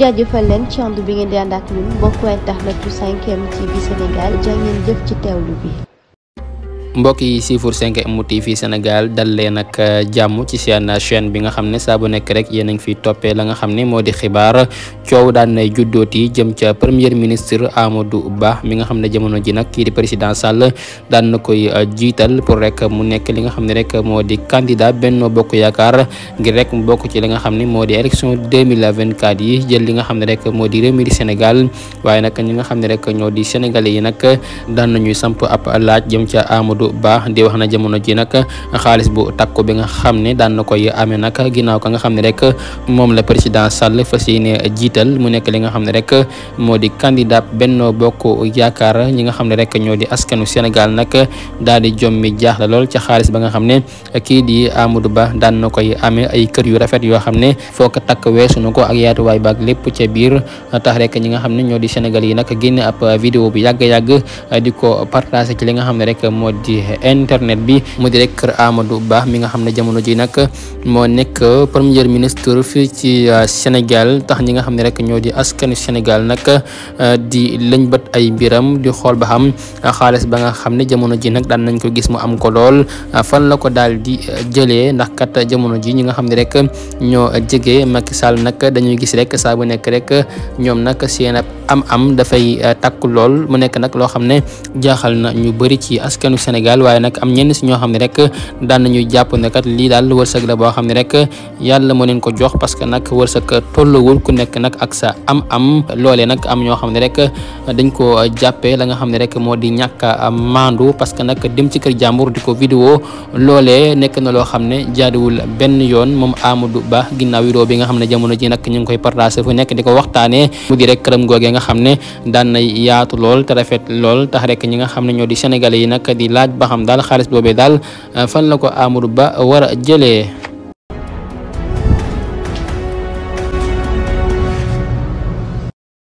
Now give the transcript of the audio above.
jaajëfal leen ci ànd bi ngeen di ànd bokk ñun mbokk internet bu ci m TV Sénégal jaa ngeen jëf ci teewlu bi. mbokk yi siifur 5M TV Sénégal dal leen ak euh, jàmm ci seen chaîne bi nga xam ne saa bu nekk rek yéen a ngi fiy toppee la nga xam ne moo di xibaar coow daan nay juddooti jëm ca premier ministre Amadou baax mi nga xam ne jamono ji nag kii di président Sall daan na koy euh, jiital pour rek mu nekk li nga xam ne rek moo di candidat Benno Bokk Yaakaar ngir rek mu bokk ci li nga xam ne moo di élection 2024 yi jël li nga xam ne rek moo di réew Sénégal waaye nag ñi nga xam ne rek ñoo di sénégalais yi nag daan nañuy samp ab laaj jëm ca Amadou Modou Ba di wax na jamono ji nag xaalis bu takku bi nga xam ne daan na koy amee nag ginnaaw ka nga xam ne rek moom la président Sall fas ne jiital mu nekk li nga xam ne rek moo di candidat benn Bokk Yaakaar ñi nga xam ne rek ñoo di askanu Sénégal nag daal di jommi jaaxle lool ca xaalis ba nga xam ne kii di Amadou Ba daan na koy amee ay kër yu rafet yoo xam ne foo takk weesu nu ko ak yaatuwaay baak lépp ca biir tax rek ñi nga xam ne ñoo di Sénégal yi nag génne ab vidéo bu yàgg-yàgg di ko partager ci li nga xam ne rek moo ci internet bi mu di rek kër Amadou Ba mi nga xam ne jamono ji nag moo nekk premier ministre fii ci euh, Sénégal tax ñi nga xam ne rek ñoo di askanu Sénégal nag euh, di lañ bët ay mbiram di xool ba xam xaalis ba nga xam ne jamono ji nag daan nañ ko gis mu am ko lool fan la ko daal di euh, jëlee ndax kat jamono ji ñi nga xam ne rek ñoo jege Macky Sall nag dañuy gis rek saa bu nekk rek ñoom nag seen am am dafay takk lool mu nekk nag loo xam ne jaaxal na ñu bëri ci askanu Sénégal Sénégal waaye nag am ñenn si ñoo xam ne rek daan nañu jàpp ne kat lii daal wërsëg la boo xam ne rek yàlla moo leen ko jox parce que nag wërsëg tolluwul ku nekk nag ak sa am-am loolee nag am ñoo xam ne rek dañ ko jàppee la nga xam ne rek moo di ñàkk a maandu parce que nag dem ci kër jàmbur di ko vidéo loolee nekk na loo xam ne jaadiwul benn yoon moom Amadou Ba ginnaaw vidéo bi nga xam ne jamono ji nag ñu ngi koy partagé fu nekk di ko waxtaanee mu di rek këram googee nga xam ne daan na yaatu lool te rafet lool tax rek ñi nga xam ne ñoo di sénégalais yi nag di laaj laaj ba xam daal xaalis boobee daal fan la ko Amadou Ba war a jëlee